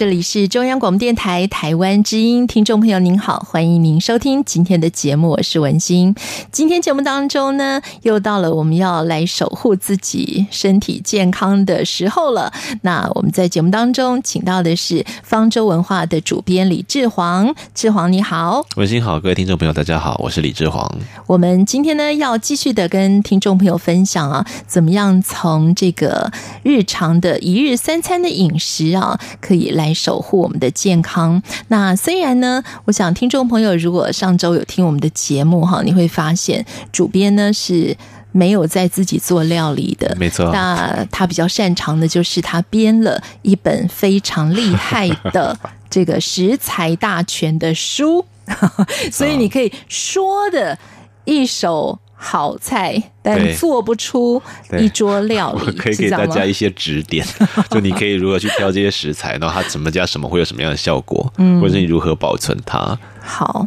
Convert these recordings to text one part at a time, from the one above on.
這裡是中央廣播電臺台灣之音，聽眾朋友您好，歡迎您收聽今天的節目，我是文心。今天節目當中呢，又到了我們要來守護自己身體健康的時候了。那我們在節目當中請到的是方舟文化的主編李志煌，志煌你好。文心好，各位聽眾朋友大家好，我是李志煌。我們今天呢要繼續的跟聽眾朋友分享啊，怎麼樣從這個日常的一日三餐的飲食啊，可以來。守護我們的健康。那雖然呢，我想聽眾朋友如果上周有聽我們的節目哈，你會發現主編呢是沒有在自己做料理的，沒錯啊。那他比較擅長的就是他編了一本非常厲害的這個食材大全的書， 所以你可以說的一首。好菜，但做不出一桌料理。我可以給大家一些指點，就你可以如何去挑這些食材，然後它怎麼加什麼會有什麼樣的效果， 或者你如何保存它。嗯。好，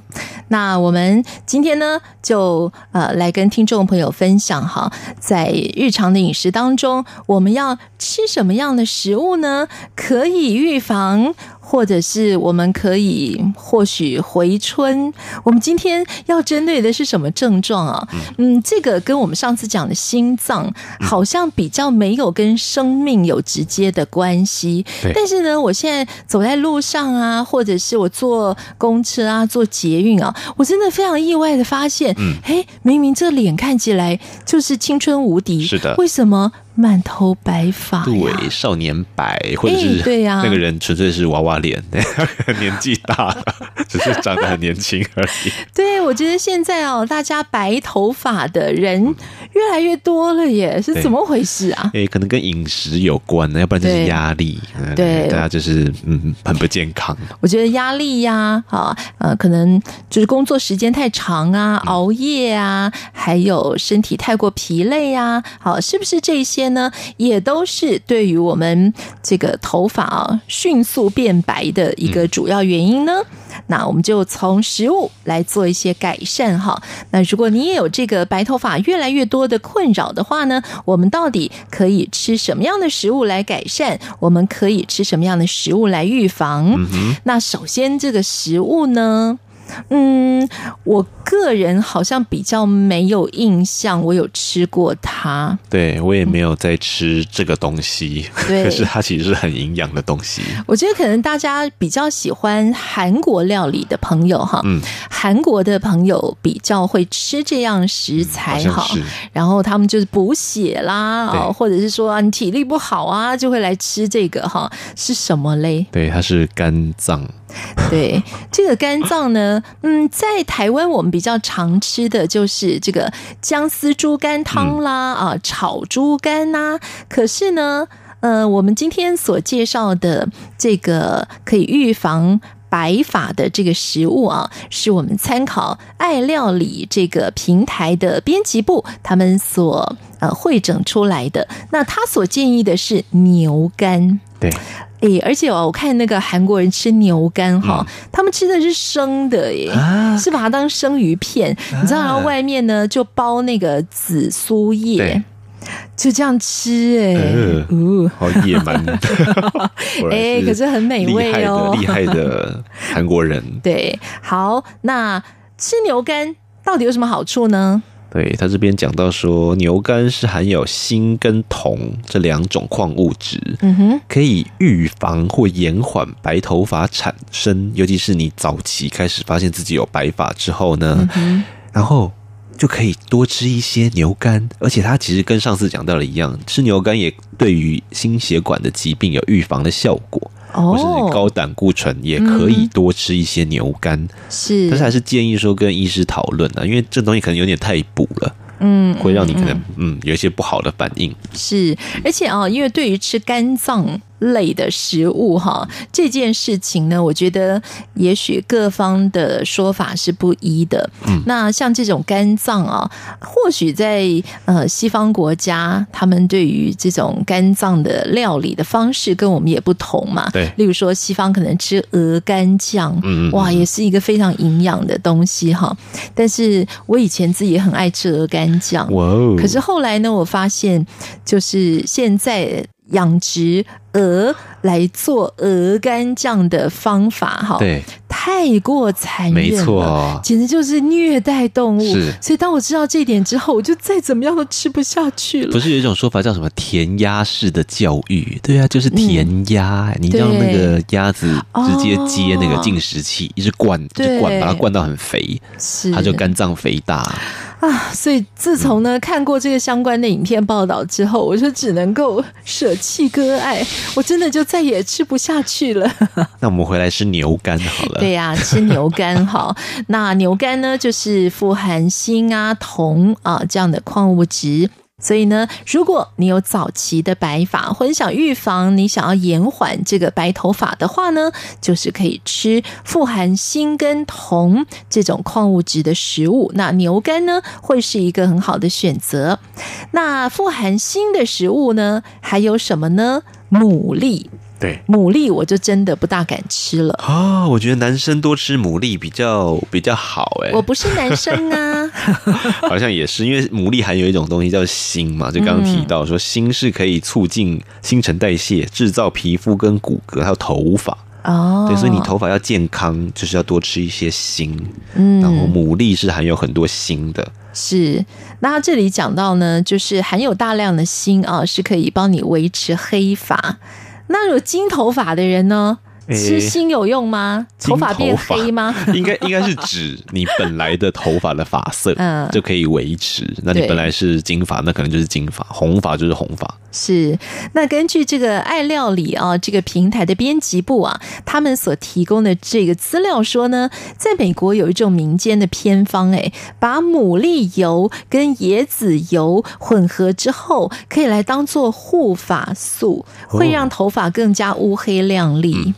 那我們今天呢，就呃來跟聽眾朋友分享哈，在日常的飲食當中，我們要吃什麼樣的食物呢？可以預防。或者是我們可以或許回春。我們今天要針對的是什麼症狀啊？嗯，這個跟我們上次講的心臟好像比較沒有跟生命有直接的關係。嗯，但是呢，我現在走在路上啊，或者是我坐公車啊、坐捷運啊，我真的非常意外的發現，嗯，誒，明明這臉看起來就是青春無敵，是的，為什麼？滿頭白髮，對少年白，或者是對呀，那個人純粹是娃娃臉，欸對啊、 年紀大了只是長得很年輕而已。對，我覺得現在哦，大家白頭髮的人越來越多了，耶，是怎麼回事啊？哎、欸，可能跟飲食有關呢，要不然就是壓力。對，對大家就是嗯，很不健康。我覺得壓力呀、啊，啊，呃，可能就是工作時間太長啊，嗯、熬夜啊，還有身體太過疲累呀、啊，好，是不是這些？呢，也都是對於我們這個頭髮迅速變白的一個主要原因呢。嗯、那我們就從食物來做一些改善哈。那如果你也有這個白頭髮越來越多的困擾的話呢，我們到底可以吃什麼樣的食物來改善？我們可以吃什麼樣的食物來預防？嗯哼。那首先這個食物呢？嗯，我個人好像比較沒有印象，我有吃過它。對，我也沒有在吃這個東西，嗯、可是它其實是很營養的東西。我覺得可能大家比較喜歡韓國料理的朋友哈，嗯，韓國的朋友比較會吃這樣食材哈、嗯。然後他們就是補血啦對、哦，或者是說你體力不好啊，就會來吃這個哈。是什麼嘞？對，它是肝臟。 對這個肝臟呢，嗯，在台灣我們比較常吃的就是這個薑絲豬肝湯啦，啊，炒豬肝吶、啊。可是呢，呃，我們今天所介紹的這個可以預防白髮的這個食物，啊，是我們參考愛料理這個平台的編輯部他們所呃、啊、彙整出來的。那他所建議的是牛肝，對。哎、欸，而且哦，我看那個韓國人吃牛肝哈，嗯、他們吃的是生的耶，耶、啊、是把它當生魚片，啊、你知道，外面呢就包那個紫蘇葉，對就這樣吃，哎、呃，哦、嗯，好野蠻，哎 然、欸，可是很美味哦，厲害的韓國人，對，好，那吃牛肝到底有什麼好處呢？對，他這邊講到說，牛肝是含有鋅跟銅這兩種礦物質，嗯哼，可以預防或延緩白頭髮產生，尤其是你早期開始發現自己有白髮之後呢，嗯哼，然後就可以多吃一些牛肝，而且它其實跟上次講到的一樣，吃牛肝也對於心血管的疾病有預防的效果。或是高膽固醇也可以多吃一些牛肝，是、嗯，但是還是建議說跟醫師討論啊，因為這東西可能有點太補了，嗯，會讓你可能嗯，嗯有一些不好的反應。是，而且啊、哦，因為對於吃肝臟類的食物哈，這件事情呢，我覺得也許各方的說法是不一的。嗯，那像這種肝臟啊，或許在呃西方國家，他們對於這種肝臟的料理的方式跟我們也不同嘛。對，例如說西方可能吃鵝肝醬，嗯哇，也是一個非常營養的東西哈。但是我以前自己也很愛吃鵝肝醬，哇哦！可是後來呢，我發現就是現在。養殖鵝來做鵝肝醬的方法，哈，對，太過殘忍，沒錯錯，簡直就是虐待動物。是所以當我知道這一點之後，我就再怎麼樣都吃不下去了。不是有一種說法叫什麼填鴨式的教育？對啊，就是填鴨，嗯、你讓那個鴨子直接接那個進食器，對一直灌，一直灌，把它灌到很肥，它對就肝臟肥大。啊，所以自從呢，看過這個相關的影片報道之後，嗯、我就只能夠捨棄割愛，我真的就再也吃不下去了。 那我們回來吃牛肝好了。對呀，啊，吃牛肝好。 那牛肝呢，就是富含鋅啊、銅啊這樣的礦物質。所以呢，如果你有早期的白髮，或者想預防，你想要延緩這個白頭髮的話呢，就是可以吃富含鋅跟銅這種礦物質的食物。那牛肝呢，會是一個很好的選擇。那富含鋅的食物呢，還有什麼呢？牡蠣。對，牡蠣我就真的不大敢吃了啊、哦！我覺得男生多吃牡蠣比較比較好哎。我不是男生啊， 好像也是，因為牡蠣含有一種東西叫鋅嘛，就剛剛提到說鋅是可以促進新陳代謝、制造皮膚跟骨骼還有頭髮哦。對，所以你頭髮要健康，就是要多吃一些鋅。嗯，然後牡蠣是含有很多鋅的。是，那它這裡講到呢，就是含有大量的鋅啊，是可以幫你維持黑髮。那有金頭髮的人呢？吃鋅有用嗎？欸、頭髮髮變黑嗎？ 應該應該是指你本來的頭髮的髮色，嗯，就可以維持。嗯、那你本來是金髮，對那可能就是金髮；紅髮就是紅髮。是。那根據這個愛料理啊，這個平台的編輯部啊，他們所提供的這個資料說呢，在美國有一種民間的偏方、欸，誒，把牡蠣油跟椰子油混合之後，可以來當做護髮素，會讓頭髮更加烏黑亮麗。嗯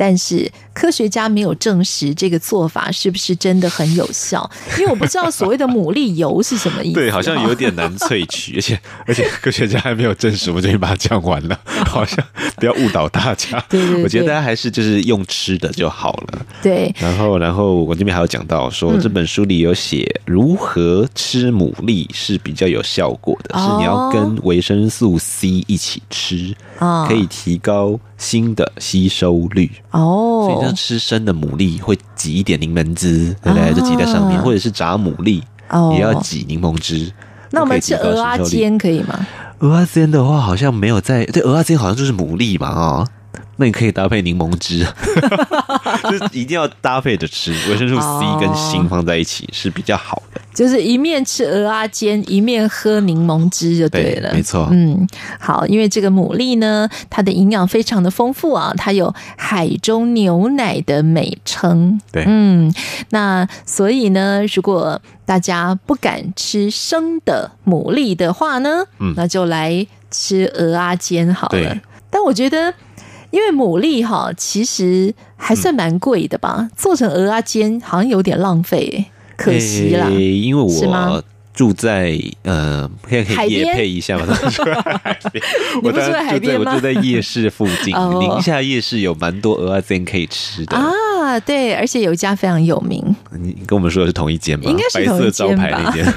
但是科學家沒有證實這個做法是不是真的很有效，因為我不知道所謂的牡蠣油是什麼意思、哦。 對，好像有點難萃取， 而且而且科學家還沒有證實，我就可以把它講完了，好像不要誤導大家。 對對對對，我覺得大家還是就是用吃的就好了。對，對，對。然後，然後我這邊還有講到說，對這本書裡有寫如何吃牡蠣是比較有效果的，嗯、是你要跟維生素 C 一起吃，哦、可以提高。新的吸收率哦，oh. 所以像吃生的牡蠣，會擠一點檸檬汁，oh. 對不對？就擠在上面，oh. 或者是炸牡蠣，也要擠檸檬汁。那我們吃蚵仔煎可以嗎？蚵仔煎的話，好像沒有在對，蚵仔煎好像就是牡蠣嘛、哦，啊。那你可以搭配檸檬汁， 就是一定要搭配着吃。維生素 C 跟鋅放在一起，oh, 是比較好的，就是一面吃蚵仔煎，一面喝檸檬汁就對了。對沒錯，嗯，好，因為這個牡蠣呢，它的營養非常的豐富啊，它有海中牛奶的美稱。對，嗯，那所以呢，如果大家不敢吃生的牡蠣的話呢，嗯、那就來吃蚵仔煎好了。對但我覺得。因為牡蠣哈，其實還算蠻貴的吧。做成蚵仔煎好像有點浪費，可惜啦。因為我住在呃，可以可以業配一下嗎？海邊。我不是在海邊嗎？我住在夜市附近，寧夏夜市有蠻多蚵仔煎可以吃的啊。對，而且有一家非常有名。你跟我們說的是同一間吧？應該是同一個招牌那間，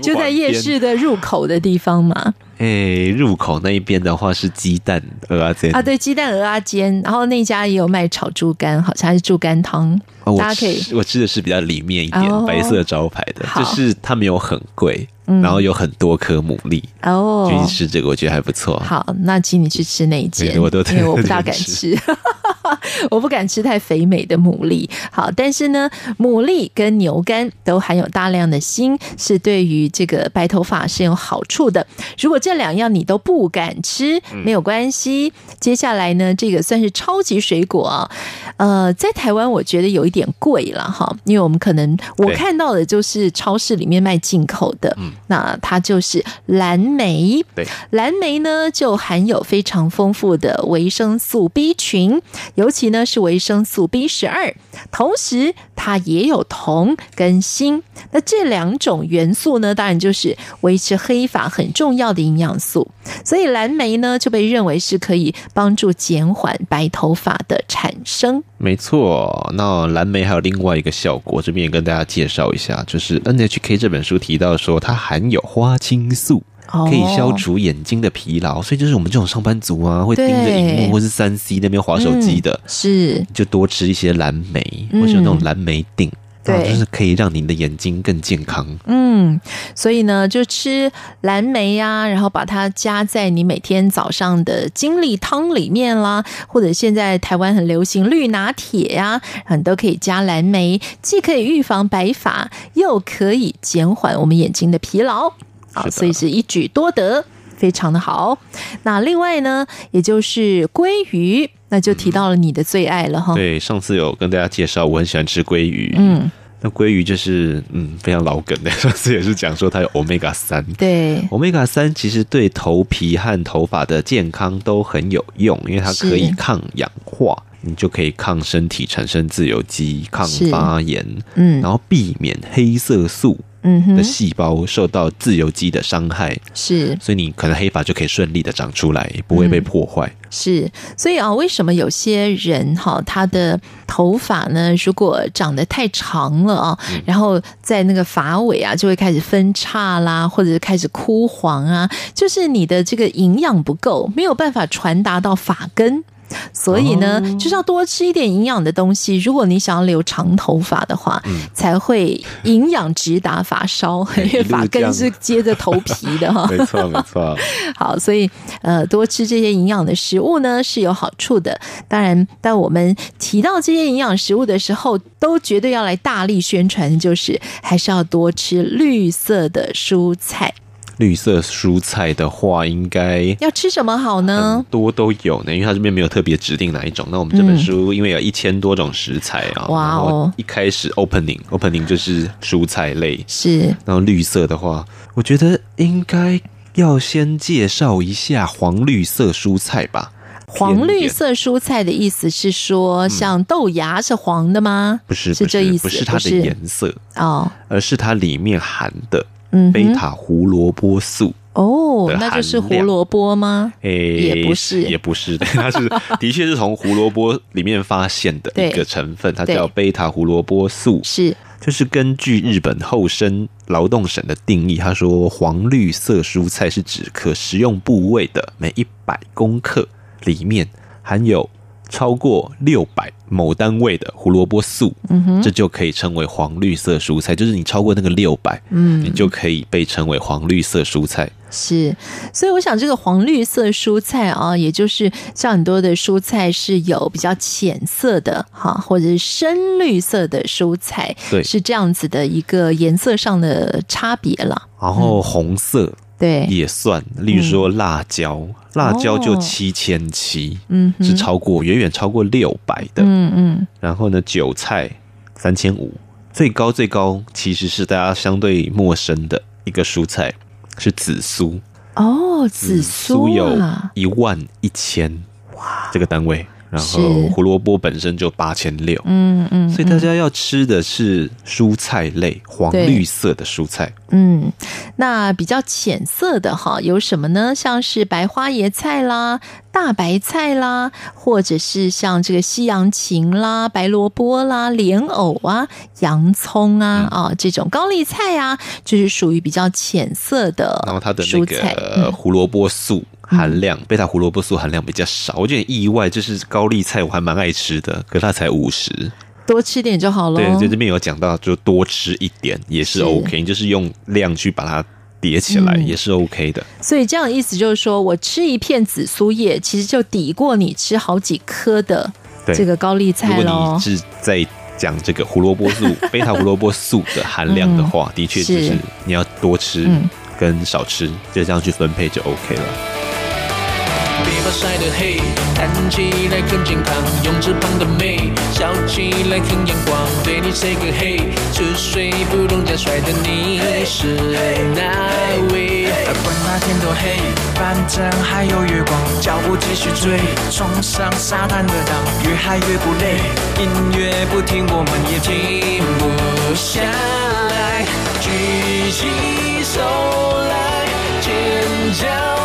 就在夜市的入口的地方嘛。誒，入口那一邊的話是雞蛋蚵仔煎啊，對，雞蛋蚵仔煎，然後那家也有賣炒豬肝，好像還是豬肝湯。啊、大家可以我，我吃的是比較裡面一點，哦、白色的招牌的，好就是它沒有很貴，嗯、然後有很多顆牡蠣哦。其吃這個我覺得還不錯。哦、好，那請你去吃那一間。嗯、我都因為我不大敢吃。 我不敢吃太肥美的牡蠣，好，但是呢，牡蠣跟牛肝都含有大量的鋅，是對於這個白頭髮是有好處的。如果這兩樣你都不敢吃，沒有關係。嗯、接下來呢，這個算是超級水果，哦，呃，在台灣我覺得有一點貴了哈，因為我們可能我看到的就是超市裡面賣進口的，對那它就是藍莓，對藍莓呢就含有非常豐富的維生素 B 群。尤其呢是維生素 B 十二，同時它也有銅跟鋅。那這兩種元素呢，當然就是維持黑髮很重要的營養素。所以藍莓呢就被認為是可以幫助減緩白頭髮的產生。沒錯，那藍莓還有另外一個效果，這邊也跟大家介紹一下，就是 NHK 這本書提到說，它含有花青素。可以消除眼睛的疲勞，oh, 所以就是我們這種上班族啊，對會盯着熒幕或是三 C 那邊滑手機的，嗯、是就多吃一些藍莓，或是、嗯、那種藍莓錠對、啊，就是可以讓你的眼睛更健康。嗯，所以呢，就吃藍莓呀、啊，然後把它加在你每天早上的精力湯裡面啦，或者現在台灣很流行綠拿鐵呀、啊，很都可以加藍莓，既可以預防白髮，又可以減緩我們眼睛的疲勞。好，所以是一舉多得，非常的好。那另外呢，也就是鮭魚，那就提到了你的最愛了哈、嗯。對，上次有跟大家介紹，我很喜歡吃鮭魚。嗯，那鮭魚就是嗯非常老梗的，上次也是講說它有 omega 三對。對，omega 三其實對頭皮和頭髮的健康都很有用，因為它可以抗氧化，是你就可以抗身體產生自由基，抗發炎，嗯，然後避免黑色素。嗯的細胞受到自由基的傷害，是、嗯哼，所以你可能黑髮就可以順利的長出來，是也不會被破壞。是，所以啊、哦，為什麼有些人哈、哦，他的頭髮呢，如果長得太長了啊、哦，嗯、然後在那個髮尾啊，就會開始分叉啦，或者是開始枯黃啊，就是你的這個營養不夠，沒有辦法傳達到髮根。所以呢，就是要多吃一點營養的東西。如果你想要留長頭髮的話，嗯、才會營養直達髮梢，嗯、因為髮根是接着頭皮的哈。嗯、沒錯，沒錯。 好，所以呃，多吃這些營養的食物呢是有好處的。當然，當我們提到這些營養食物的時候，都絕對要來大力宣傳，就是還是要多吃綠色的蔬菜。綠色蔬菜的話，應該要吃什麼好呢？好多都有呢，因為它這邊沒有特別指定哪一種。那我們這本書因為有一千多種食材啊，哇哦！嗯、一開始 opening opening 就是蔬菜類，是、哦。然後綠色的話，我覺得應該要先介紹一下黃綠色蔬菜吧。片片黃綠色蔬菜的意思是說，像豆芽是黃的嗎？不是，是這意思，不是它的顏色哦，是而是它裡面含的。嗯，貝塔胡蘿蔔素哦，那就是胡蘿蔔嗎？誒、欸，也不是，也不是，它是的確是從胡蘿蔔裡面發現的一個成分， 它叫貝塔胡蘿蔔素。是對，就是根據日本厚生勞動省的定義，他說黃綠色蔬菜是指可食用部位的每一百公克裡面含有。超過六百某單位的胡蘿蔔素，嗯哼，這就可以稱為黃綠色蔬菜。就是你超過那個六百，嗯，你就可以被稱為黃綠色蔬菜。是，所以我想這個黃綠色蔬菜啊、哦，也就是像很多的蔬菜是有比較淺色的哈，或者是深綠色的蔬菜，對是這樣子的一個顏色上的差別了。然後紅色。嗯對，也算。例如說辣椒，嗯、辣椒就七千七，嗯，是超過遠遠超過六百的。嗯嗯。然後呢，韭菜三千五，最高最高其實是大家相對陌生的一個蔬菜，是紫蘇。哦，紫蘇啊、紫蘇有一萬一千，哇，這個單位。然後胡蘿蔔本身就八千六，嗯嗯，所以大家要吃的是蔬菜類黃綠色的蔬菜，嗯，那比較淺色的哈，有什麼呢？像是白花椰菜啦、大白菜啦，或者是像這個西洋芹啦、白蘿蔔啦、蓮藕啊、洋蔥啊啊、嗯哦、這種高麗菜啊，就是屬於比較淺色的蔬菜，然後它的那個胡蘿蔔素。嗯含量，貝塔胡蘿蔔素含量比較少，我覺得意外。就是高麗菜我還蠻愛吃的，可是它才五十，多吃點就好了。對，就這邊有講到，就多吃一點也是 OK，是就是用量去把它疊起來也是 OK 的，嗯。所以這樣意思就是說，我吃一片紫蘇葉，其實就抵過你吃好幾顆的這個高麗菜。如果你一直在講這個胡蘿蔔素、貝塔 胡蘿蔔素的含量的話，的確就是你要多吃跟少吃，嗯、就這樣去分配就 OK 了。別怕曬得黑，看起來很健康。泳池旁的妹，笑起來很陽光。對你 say 個嘿，是水不吝嗇甩的你是 hey, hey, hey, hey, hey？是哪位？管他天多黑，反正還有月光。腳步繼續追，衝上沙灘的浪。越嗨越不累，音樂不停，我們也停不下來。舉起手來，尖叫！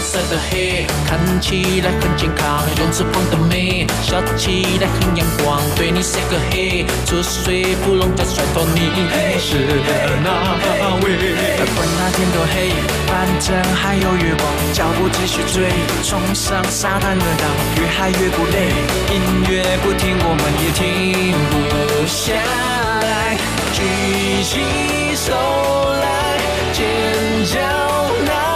曬得黑，看起來很健康。泳池旁的美，笑起來很陽光。對你 say 個 hi，出水芙蓉再甩頭你。你是哪位？不管那天多黑，反正還有月光。腳步繼續追，衝上沙灘的浪，越嗨越不累。音樂不停，我們也停不下來。舉起手來，尖叫吶！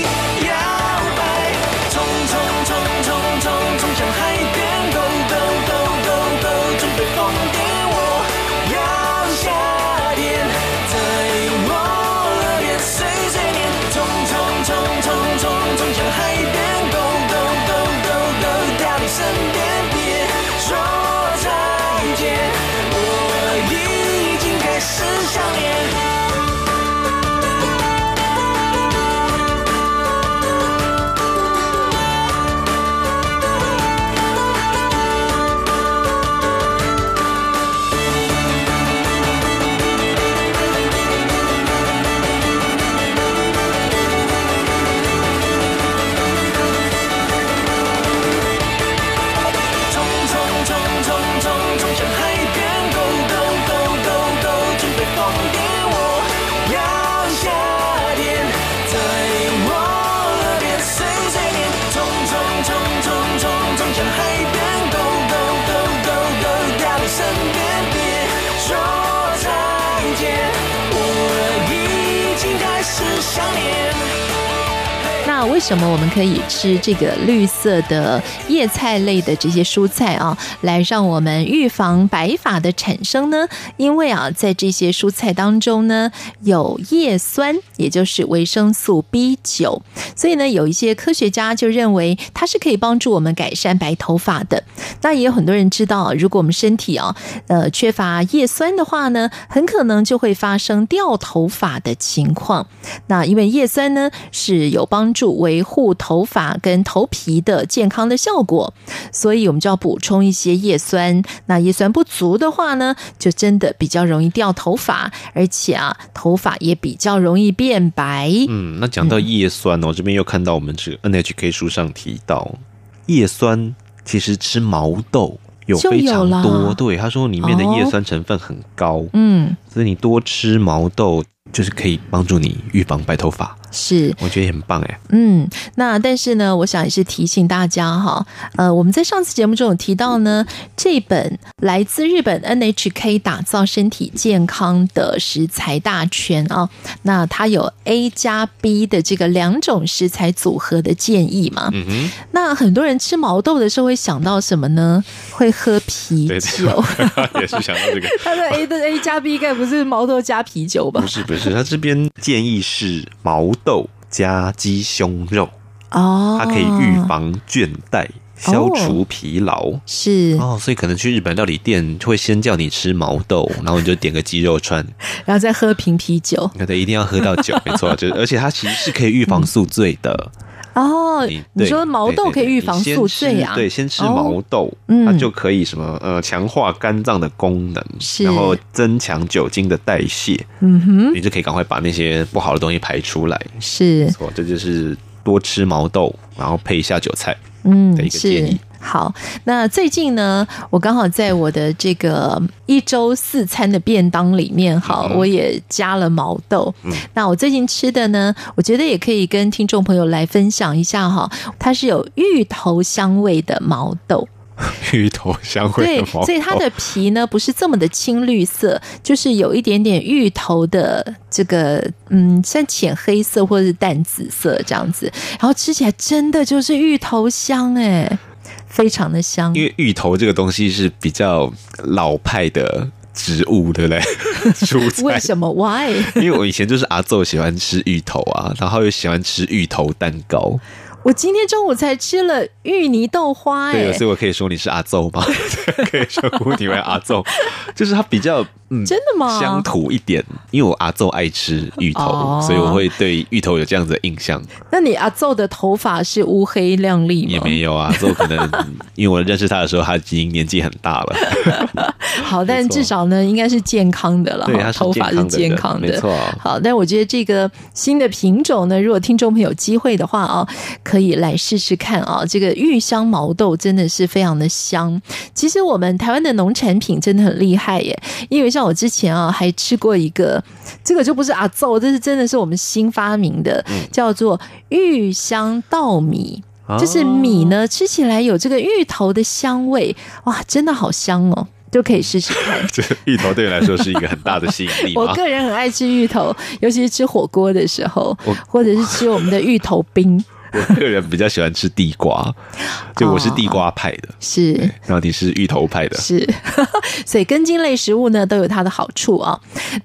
那麼我們可以吃這個綠色的葉菜類的這些蔬菜啊，來讓我們預防白髮的產生呢。因為啊，在這些蔬菜當中呢，有葉酸，也就是維生素 B 九，所以呢，有一些科學家就認為它是可以幫助我們改善白頭髮的。那也有很多人知道，如果我們身體啊，呃，缺乏葉酸的話呢，很可能就會發生掉頭髮的情況。那因為葉酸呢是有幫助維護頭髮跟頭皮的健康的效果，所以我們就要補充一些葉酸。那葉酸不足的話呢，就真的比較容易掉頭髮，而且啊，頭髮也比較容易變白。嗯，那講到葉酸，哦，嗯、這邊又看到我們這個 NHK 書上提到，葉酸其實吃毛豆有非常多，對，他說裡面的葉酸成分很高。哦、嗯，所以你多吃毛豆，就是可以幫助你預防白頭髮。是，我覺得很棒哎。嗯，那但是呢，我想也是提醒大家哈，呃，我們在上次節目中有提到呢，這本來自日本 NHK 打造身體健康的食材大全啊，哦，那它有 A 加 B 的這個兩種食材組合的建議嘛。嗯哼。那很多人吃毛豆的時候會想到什麼呢？會喝啤酒，也是想到這個。他的 A 的 A 加 B 應該不是毛豆加啤酒吧？不是不是，他這邊建議是毛豆。豆加雞胸肉哦，它可以預防倦怠，哦、消除疲勞，是哦，所以可能去日本料理店會先叫你吃毛豆，然後你就點個雞肉串， 然後再喝瓶啤酒， 對，一定要喝到酒，沒錯，就是，而且它其實是可以預防宿醉的。嗯哦，oh, 對你說毛豆可以預防宿醉啊，對，先吃毛豆，嗯，oh, 它就可以什麼呃，強化肝臟的功能，嗯、然後增強酒精的代謝，嗯哼是，你就可以趕快把那些不好的東西排出來。是，沒錯，這就是多吃毛豆，然後配一下韭菜，嗯，的一個建議。嗯好，那最近呢，我剛好在我的這個一周四餐的便當裡面，哈，我也加了毛豆。嗯。那我最近吃的呢，我覺得也可以跟聽眾朋友來分享一下哈。它是有芋頭香味的毛豆， 芋頭香味的毛豆，對，所以它的皮呢不是這麼的青綠色，就是有一點點芋頭的這個嗯，像淺黑色或者是淡紫色這樣子。然後吃起來真的就是芋頭香哎。非常的香，因為芋頭這個東西是比較老派的植物，對不對？蔬菜？ 為什麼？Why？因為我以前就是阿奏喜歡吃芋頭啊，然後又喜歡吃芋頭蛋糕。我今天中午才吃了芋泥豆花欸，對，所以，我可以說你是阿奏嗎？可以稱呼你為阿奏，就是它比較。嗯、真的嗎？鄉土一點，因為我阿祖愛吃芋頭，哦、所以我會對芋頭有這樣子的印象。那你阿祖的頭髮是烏黑亮麗嗎？也沒有啊，就可能 因為我認識他的時候他已經年紀很大了。 好，但至少呢，應該是健康的了。對，他頭髮是健康的，沒錯、哦。好，但我覺得這個新的品種呢，如果聽眾朋友有機會的話啊、哦，可以來試試看啊、哦。這個芋香毛豆真的是非常的香。其實我們台灣的農產品真的很厲害耶，因為像。我之前啊還吃過一個，這個就不是啊，揍，這是真的是我們新發明的，叫做芋香稻米，嗯、就是米呢吃起來有這個芋頭的香味，哇，真的好香哦，都可以試試看。這 芋頭對你來說是一個很大的吸引力嗎？ 我個人很愛吃芋頭，尤其是吃火鍋的時候，或者是吃我們的芋頭冰。我個人比較喜歡吃地瓜，就我是地瓜派的，哦、是，然後你是芋頭派的，是， 所以根莖類食物呢都有它的好處啊、哦。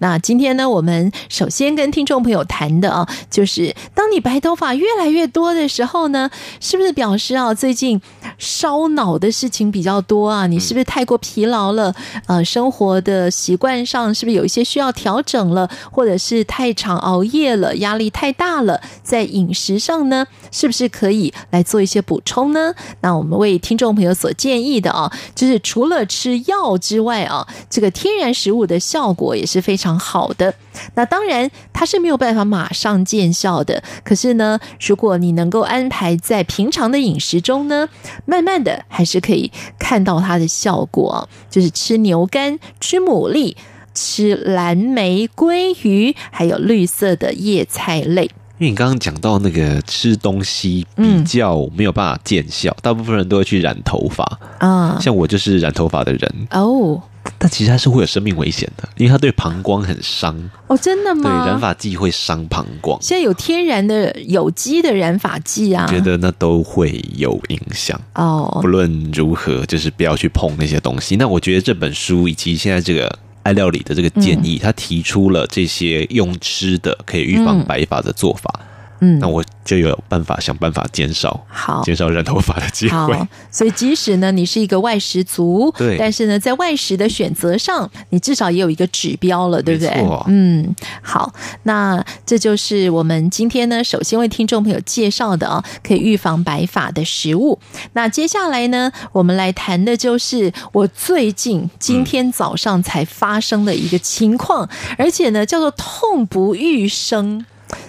那今天呢，我們首先跟聽眾朋友談的啊，就是當你白頭髮越來越多的時候呢，是不是表示啊最近燒腦的事情比較多啊？你是不是太過疲勞了？呃，生活的習慣上是不是有一些需要調整了？或者是太常熬夜了，壓力太大了？在飲食上呢？是不是可以來做一些補充呢？那我們為聽眾朋友所建議的啊，就是除了吃藥之外啊，這個天然食物的效果也是非常好的。那當然它是沒有辦法馬上見效的，可是呢，如果你能夠安排在平常的飲食中呢，慢慢的還是可以看到它的效果啊，就是吃牛肝、吃牡蠣、吃藍莓、鮭魚，還有綠色的葉菜類。因為你剛剛講到那個吃東西比較沒有辦法見效，嗯、大部分人都會去染頭髮啊，嗯、像我就是染頭髮的人哦。但其實它是會有生命危險的，因為它對膀胱很傷哦，真的嗎？對，染髮劑會傷膀胱。現在有天然的、有機的染髮劑啊，我覺得那都會有影響哦。不論如何，就是不要去碰那些東西。那我覺得這本書以及現在這個。愛料理的這個建議，他提出了這些用吃的可以預防白髮的做法。嗯嗯，那我就有辦法想辦法減少，好減少染頭髮的機會。好，所以即使呢，你是一個外食族，對，但是呢，在外食的選擇上，你至少也有一個指標了，對不對？沒錯。嗯，好，那這就是我們今天呢，首先為聽眾朋友介紹的哦，可以預防白髮的食物。那接下來呢，我們來談的就是我最近今天早上才發生的一個情況，嗯、而且呢，叫做痛不欲生。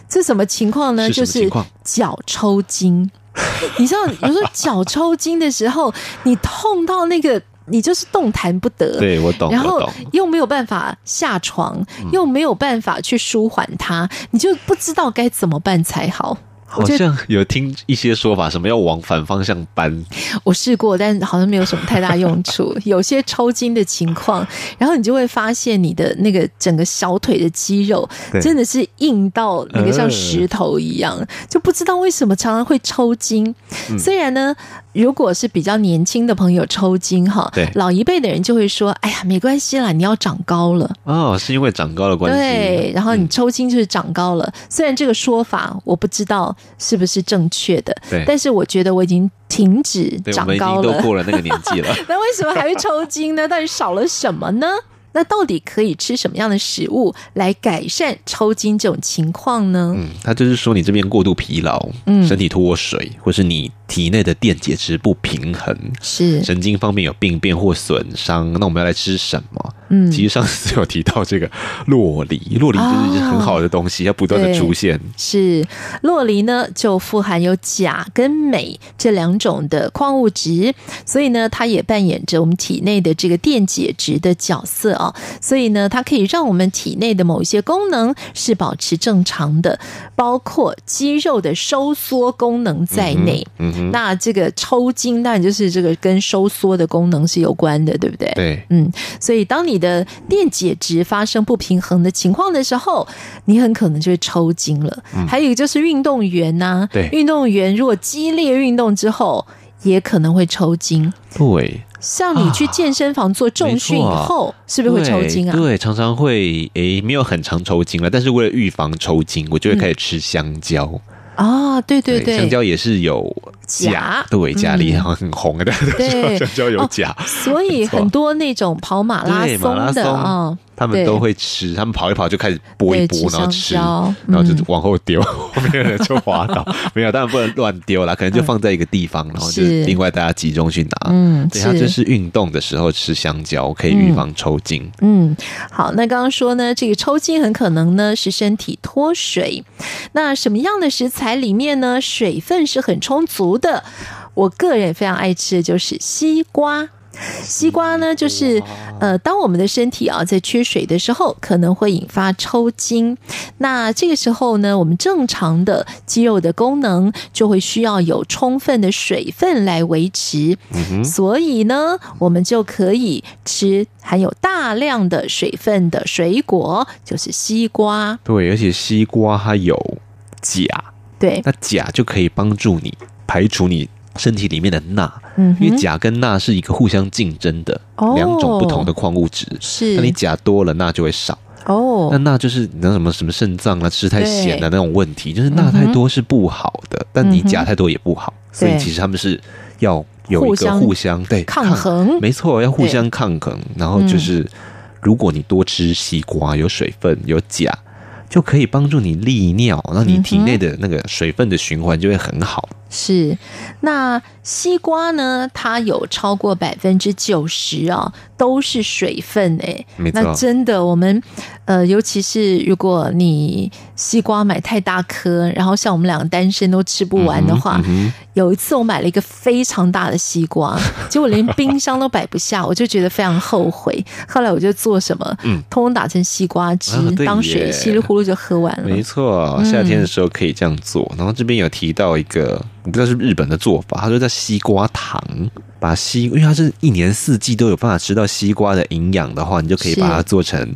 這什麼情況呢？是什麼情況？就是腳抽筋。 你知道，我說腳抽筋的時候，你痛到那個，你就是動彈不得。對，我懂，然後又沒有辦法下床，懂又沒有辦法去舒緩它，嗯、你就不知道該怎麼辦才好。好像有聽一些說法，什麼要往反方向搬。我試過，但好像沒有什麼太大用處。 有些抽筋的情況，然後你就會發現你的那個整個小腿的肌肉真的是硬到那個像石頭一樣，對就不知道為什麼常常會抽筋。嗯、雖然呢。如果是比較年輕的朋友抽筋哈，對，老一輩的人就會說：“哎呀，沒關係啦，你要長高了。”哦，是因為長高的關係。對，然後你抽筋就是長高了。嗯、雖然這個說法我不知道是不是正確的，對，但是我覺得我已經停止長高了。對，我們已經都過了那個年紀了。 那為什麼還會抽筋呢？ 到底少了什麼呢？那到底可以吃什麼樣的食物來改善抽筋這種情況呢？嗯，他就是說你這邊過度疲勞，嗯，身體脫水，或是你。體內的電解質不平衡是神經方面有病變或損傷，那我們要來吃什麼？嗯，其實上次有提到這個酪梨，酪梨就是很好的東西，啊、要不斷的出現。是酪梨呢，就富含有鉀跟鎂這兩種的礦物質，所以呢，它也扮演着我們體內的這個電解質的角色啊。所以呢，它可以讓我們體內的某一些功能是保持正常的，包括肌肉的收縮功能在內、嗯。嗯。那這個抽筋，當然就是這個跟收縮的功能是有關的，對不對？對，嗯，所以當你的電解質發生不平衡的情況的時候，你很可能就會抽筋了。嗯，還有就是運動員吶、啊，對，運動員如果激烈運動之後，也可能會抽筋。對，像你去健身房做重訓以後，啊啊、是不是會抽筋啊？對，對，常常會誒、欸，沒有很常抽筋了，但是為了預防抽筋，我就會開始吃香蕉。嗯、對啊，對對對，香蕉也是有。鉀對，鉀離子很紅的，香蕉有鉀，所以很多那種跑馬拉松的啊，他們都會吃，他們跑一跑就開始剝一剝，然後吃，然後就往後丟，後面就滑倒，沒有當然不能亂丟啦，可能就放在一個地方，然後就是另外大家集中去拿。嗯，等下就是運動的時候吃香蕉可以預防抽筋。嗯，好，那剛剛說呢，這個抽筋很可能呢是身體脫水，那什麼樣的食材裡面呢水分是很充足的？的，我個人非常愛吃的就是西瓜。西瓜呢，就是呃，當我們的身體啊在缺水的時候，可能會引發抽筋。那這個時候呢，我們正常的肌肉的功能就會需要有充分的水分來維持。嗯哼。所以呢，我們就可以吃含有大量的水分的水果，就是西瓜。對，而且西瓜它有鉀，對，那鉀就可以幫助你。排除你身體裡面的鈉，因為鉀跟鈉是一個互相競爭的兩種不同的礦物質。是，那你鉀多了，鈉就會少。哦，那鈉就是那什麼什麼腎臟啊，吃太鹹的那種問題，就是鈉太多是不好的，但你鉀太多也不好。所以其實他們是要有一個互相對抗衡，沒錯，要互相抗衡。然後就是，如果你多吃西瓜，有水分，有鉀，就可以幫助你利尿，讓你體內的那個水分的循環就會很好。是，那西瓜呢？它有超過百分之九十啊，都是水分誒、欸。沒錯，那真的，我們呃，尤其是如果你西瓜買太大顆，然後像我們兩個單身都吃不完的話，嗯嗯、有一次我買了一個非常大的西瓜，結果連冰箱都擺不下， 我就覺得非常後悔。後來我就做什麼？嗯，通通打成西瓜汁、嗯、當水，啊、稀里糊塗就喝完了。沒錯，夏天的時候可以這樣做。嗯、然後這邊有提到一個。不知道是不是日本的做法，他說叫西瓜糖，把西，因為它是一年四季都有辦法吃到西瓜的營養的話，你就可以把它做成是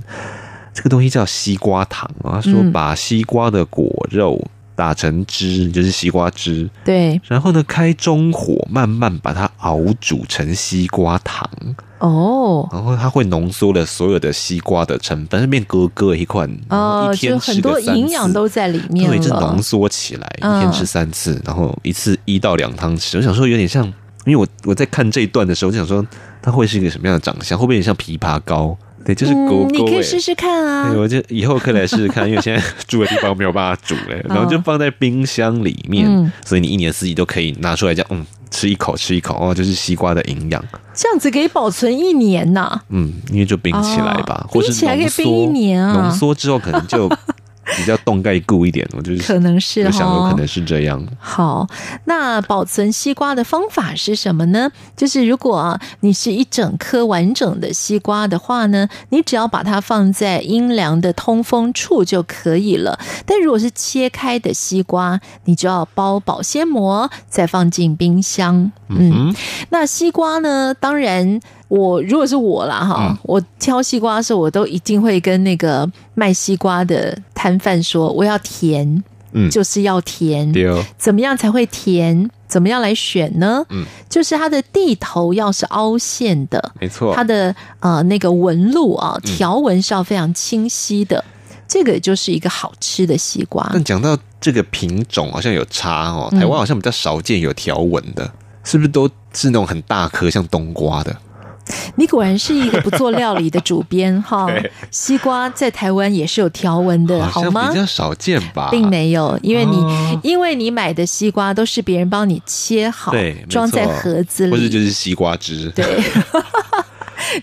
這個東西叫西瓜糖啊，然後說把西瓜的果肉。嗯打成汁，就是西瓜汁，對。然後呢，開中火慢慢把它熬煮成西瓜糖。哦。然後它會濃縮了所有的西瓜的成分，它變哥哥一塊。哦，一天就很多營養都在裡面，對，這濃縮起來，一天吃三次，嗯，然後一次一到兩湯匙。我想說，有點像，因為我我在看這一段的時候，我想說它會是一個什麼樣的長相？會不會有點像枇杷膏？對，就是勾勾、欸嗯、你可以試試看啊！對，我就以後可以來試試看，因為現在住的地方沒有辦法煮嘞、欸， 然後就放在冰箱裡面，嗯、所以你一年四季都可以拿出來這樣，嗯，吃一口，吃一口，哦，就是西瓜的營養，這樣子可以保存一年吶、啊。嗯，因為就冰起來吧，哦、或是冰起來可以冰一年啊，濃縮之後可能就。 比較凍蓋固一點，我就是，可能是哦，我想有可能是這樣。好，那保存西瓜的方法是什麼呢？就是如果你是一整顆完整的西瓜的話呢，你只要把它放在陰涼的通風處就可以了。但如果是切開的西瓜，你就要包保鮮膜，再放進冰箱。嗯哼，嗯，那西瓜呢？當然。我如果是我啦，哈、嗯，我挑西瓜的時候，我都一定會跟那個賣西瓜的攤販說，我要甜，嗯，就是要甜，嗯、怎麼樣才會甜？怎麼樣來選呢？嗯，就是它的蒂頭要是凹陷的，沒錯，它的呃那個紋路啊，條紋是要非常清晰的，嗯、這個就是一個好吃的西瓜。但講到這個品種，好像有差哦，台灣好像比較少見有條紋的，嗯、是不是都是那種很大顆像冬瓜的？你果然是一個不做料理的主編哈！ 對西瓜在台灣也是有條紋的，好嗎？比較少見吧，並沒有，因為你、嗯、因為你買的西瓜都是別人幫你切好，對，裝在盒子裡，或者就是西瓜汁，對。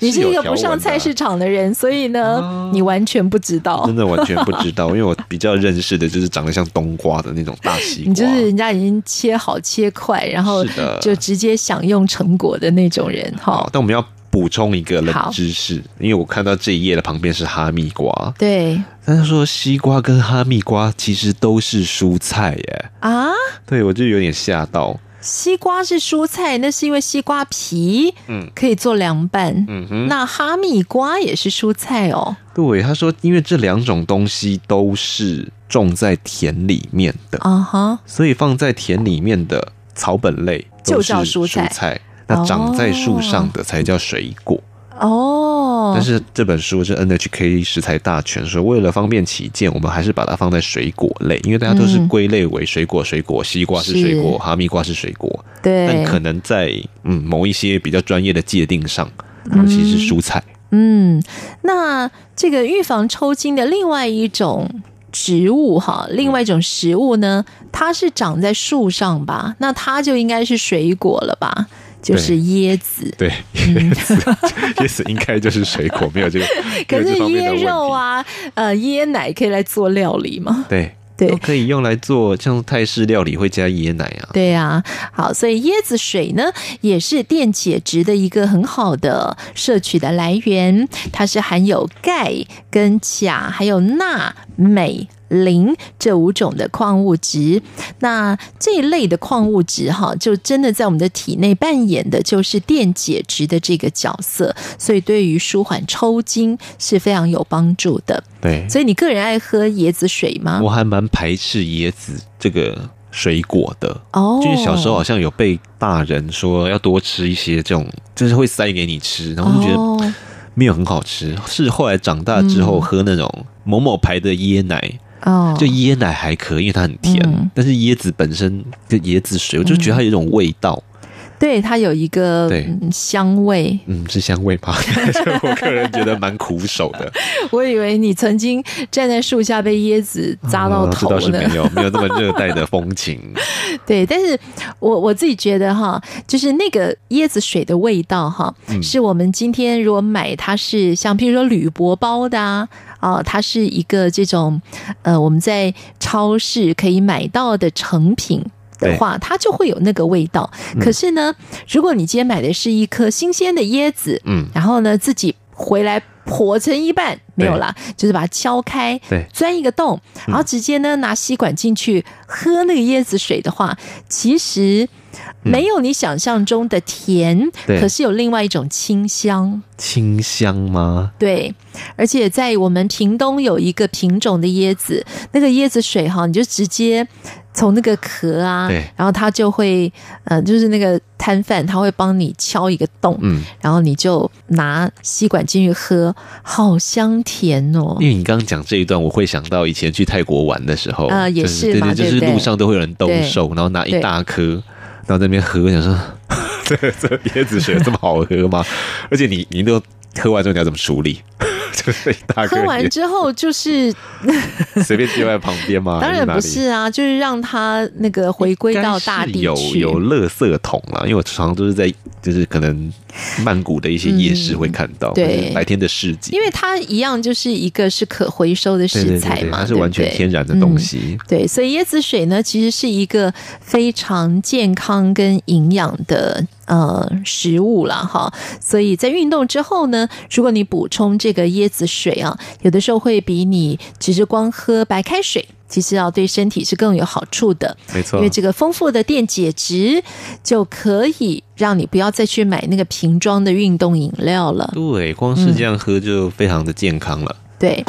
你是一個不上菜市場的人，的所以呢，啊、你完全不知道，真的完全不知道， 因為我比較認識的就是長得像冬瓜的那種大西瓜，你就是人家已經切好切塊，然後就直接享用成果的那種人哈的。但我們要補充一個冷知識，好因為我看到這一頁的旁邊是哈密瓜，對，但是說西瓜跟哈密瓜其實都是蔬菜耶啊，對我就有點嚇到。西瓜是蔬菜，那是因為西瓜皮嗯可以做涼拌嗯哼。那哈密瓜也是蔬菜哦。對，他說因為這兩種東西都是種在田裡面的啊哈，uh huh. 所以放在田裡面的草本類就是蔬菜，蔬菜，那長在樹上的才叫水果。Oh. 哦，但是這本書是 N H K 食材大全，所以為了方便起見，我們還是把它放在水果類，因為大家都是歸類為水果。水果，嗯、西瓜是水果，是哈密瓜是水果。對。但可能在嗯某一些比較專業的界定上，尤其是蔬菜嗯。嗯，那這個預防抽筋的另外一種植物哈，另外一種食物呢，嗯、它是長在樹上吧？那它就應該是水果了吧？就是椰子，對，對椰子，嗯、 椰子應該就是水果，沒有這個。這可是椰肉啊，呃，椰奶可以來做料理嗎？對對，對都可以用來做，像泰式料理會加椰奶啊。對啊，好，所以椰子水呢，也是電解質的一個很好的攝取的來源，它是含有鈣、跟鉀，還有鈉、鎂。磷這五種的礦物質，那這一類的礦物質哈，就真的在我們的體內扮演的就是電解質的這個角色，所以對於舒緩抽筋是非常有幫助的。對，所以你個人愛喝椰子水嗎？我還蠻排斥椰子這個水果的哦，就是小時候好像有被大人說要多吃一些這種，就是會塞給你吃，然後就覺得沒有很好吃，哦、是後來長大之後喝那種某某牌的椰奶。嗯哦，就椰奶還可以，因為它很甜，嗯、但是椰子本身跟椰子水，我就覺得它有一種味道。嗯對，它有一個香味，嗯，是香味嗎？ 我個人覺得蠻苦手的。 我以為你曾經站在樹下被椰子扎到頭呢？哦，這倒是沒有，沒有那麼熱帶的風情。 對，但是我我自己覺得哈，就是那個椰子水的味道哈，嗯、是我們今天如果買它是像譬如說鋁箔包的啊，啊、哦，它是一個這種呃我們在超市可以買到的成品。的話，它就會有那個味道。可是呢，嗯、如果你今天買的是一顆新鮮的椰子，嗯，然後呢，自己回來剖成一半，嗯、沒有啦，就是把它敲開，對、嗯，鑽一個洞，嗯、然後直接呢拿吸管進去喝那個椰子水的話，其實沒有你想象中的甜，對、嗯，可是有另外一種清香，清香嗎？對，而且在我們屏東有一個品種的椰子，那個椰子水哈、哦，你就直接。從那個殼啊，對然後它就會，呃，就是那個攤販它會幫你敲一個洞，嗯，然後你就拿吸管進去喝，好香甜哦。因為你剛剛講這一段，我會想到以前去泰國玩的時候，啊、呃，就是，也是對就是路上都會有人兜售，對然後拿一大顆，對然後在那邊喝，我想說，這 這椰子水這麼好喝嗎？ 而且你你都喝完之後你要怎麼處理？ 大哥也 喝完之後就是隨 便丟在旁邊嗎？ 當然不是啊，就是讓它那個回歸到大地去。有有垃圾桶啊，因為我常常都是在，就是可能。曼谷的一些夜市會看到，嗯、對白天的市集，因為它一樣就是一個是可回收的食材嘛，對對對對它是完全天然的東西、嗯。對，所以椰子水呢，其實是一個非常健康跟營養的呃食物啦哈。所以在運動之後呢，如果你補充這個椰子水啊，有的時候會比你只是光喝白開水，其實要、啊、對身體是更有好處的，沒錯。因為這個豐富的電解質，就可以讓你不要再去買那個瓶裝的運動飲料了。對，光是這樣喝就非常的健康了。嗯、對。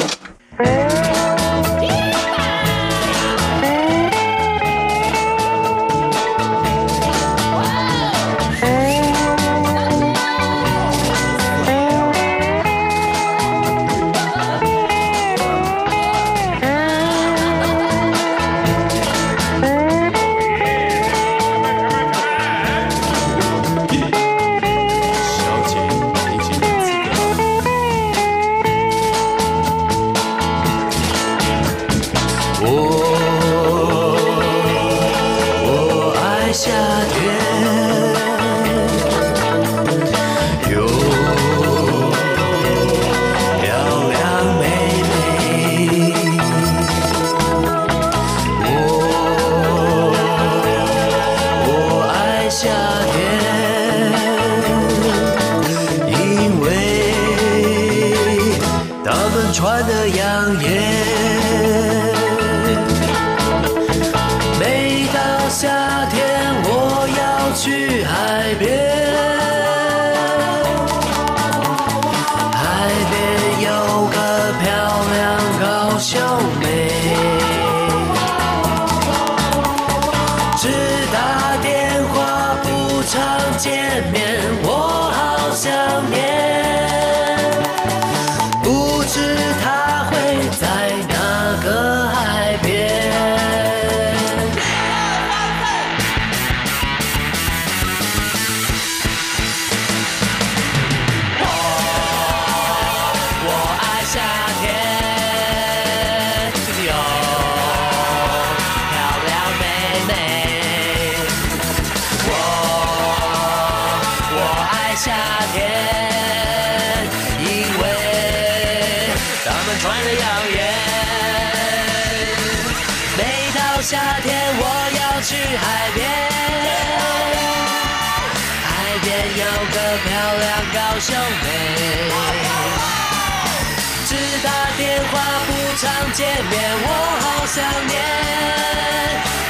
常見面，我好想念。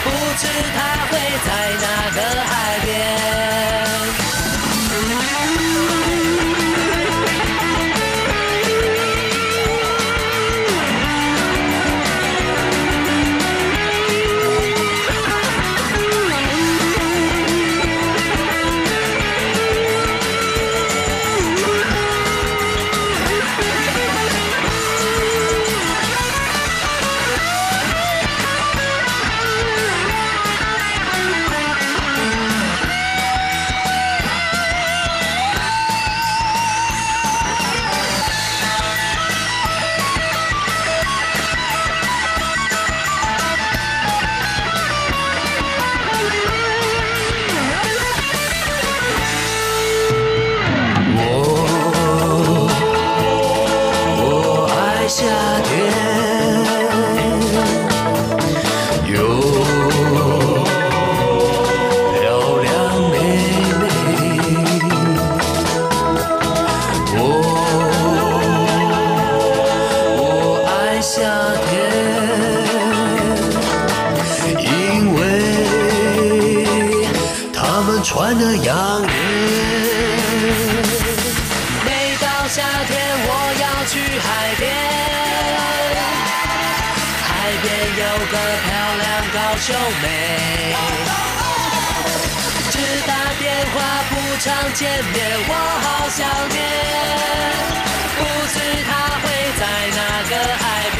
不知他會在哪個海邊。穿的洋衣。每到夏天，我要去海邊。海邊有個漂亮高雄妹，只打電話不常見面，我好想念。不知她會在哪個海邊。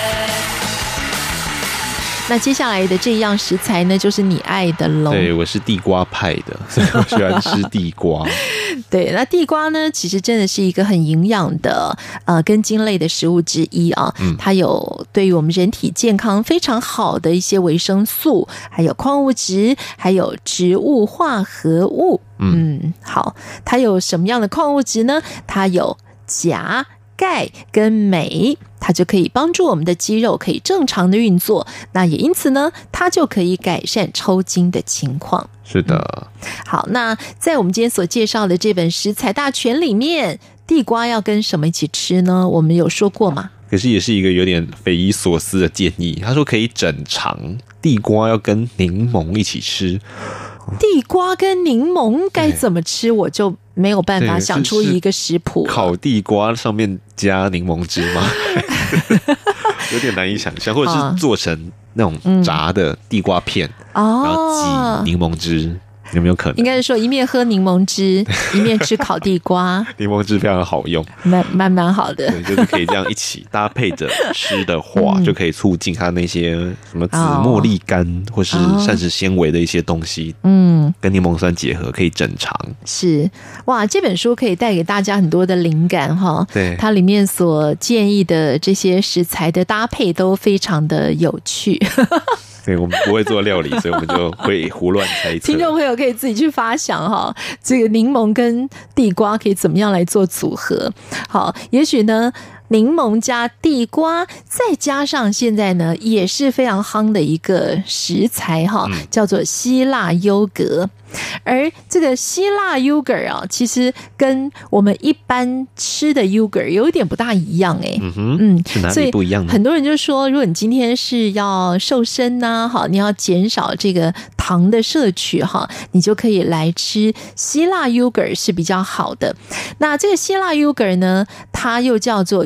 那接下來的這樣食材呢，就是你愛的嘍。對，我是地瓜派的，所以我喜歡吃地瓜。 對，那地瓜呢，其實真的是一個很營養的呃根莖類的食物之一啊。嗯，它有對於我們人體健康非常好的一些維生素，還有礦物質，還有植物化合物。嗯，嗯，好，它有什麼樣的礦物質呢？它有鉀。鈣跟鎂，它就可以幫助我們的肌肉可以正常的運作。那也因此呢，它就可以改善抽筋的情況。是的、嗯。好，那在我們今天所介紹的這本食材大全裡面，地瓜要跟什麼一起吃呢？我們有說過嗎？可是也是一個有點匪夷所思的建議。他說可以整腸，地瓜要跟檸檬一起吃。地瓜跟檸檬該怎麼吃？我就。沒有辦法想出一個食譜，烤地瓜上面加檸檬汁嗎？ 有點難以想象，或者是做成那種炸的地瓜片，嗯、然後擠檸檬汁。哦嗯有沒有可能？應該是說，一面喝檸檬汁， 一面吃烤地瓜。檸 檬汁非常好用，慢慢蠻好的。 對，就是可以這樣一起搭配着吃的話，嗯、就可以促進它那些什麼紫茉莉苷或是膳食纖維的一些東西，嗯、哦，跟檸檬酸結合可以整腸。嗯、是哇，這本書可以帶給大家很多的靈感哈。對，它裡面所建議的這些食材的搭配都非常的有趣。 對，我們不會做料理，所以我們就會胡亂猜測。 聽眾朋友可以自己去發想哈，這個檸檬跟地瓜可以怎麼樣來做組合？好，也許呢。檸檬加地瓜，再加上現在呢也是非常夯的一個食材哈，叫做希臘優格。嗯、而這個希臘優格啊，其實跟我們一般吃的優格有一點不大一樣哎、欸，嗯，是哪裡不一樣呢？嗯，所以不一樣。很多人就說，如果你今天是要瘦身吶，哈，你要減少這個糖的攝取哈，你就可以來吃希臘優格是比較好的。那這個希臘優格呢，它又叫做。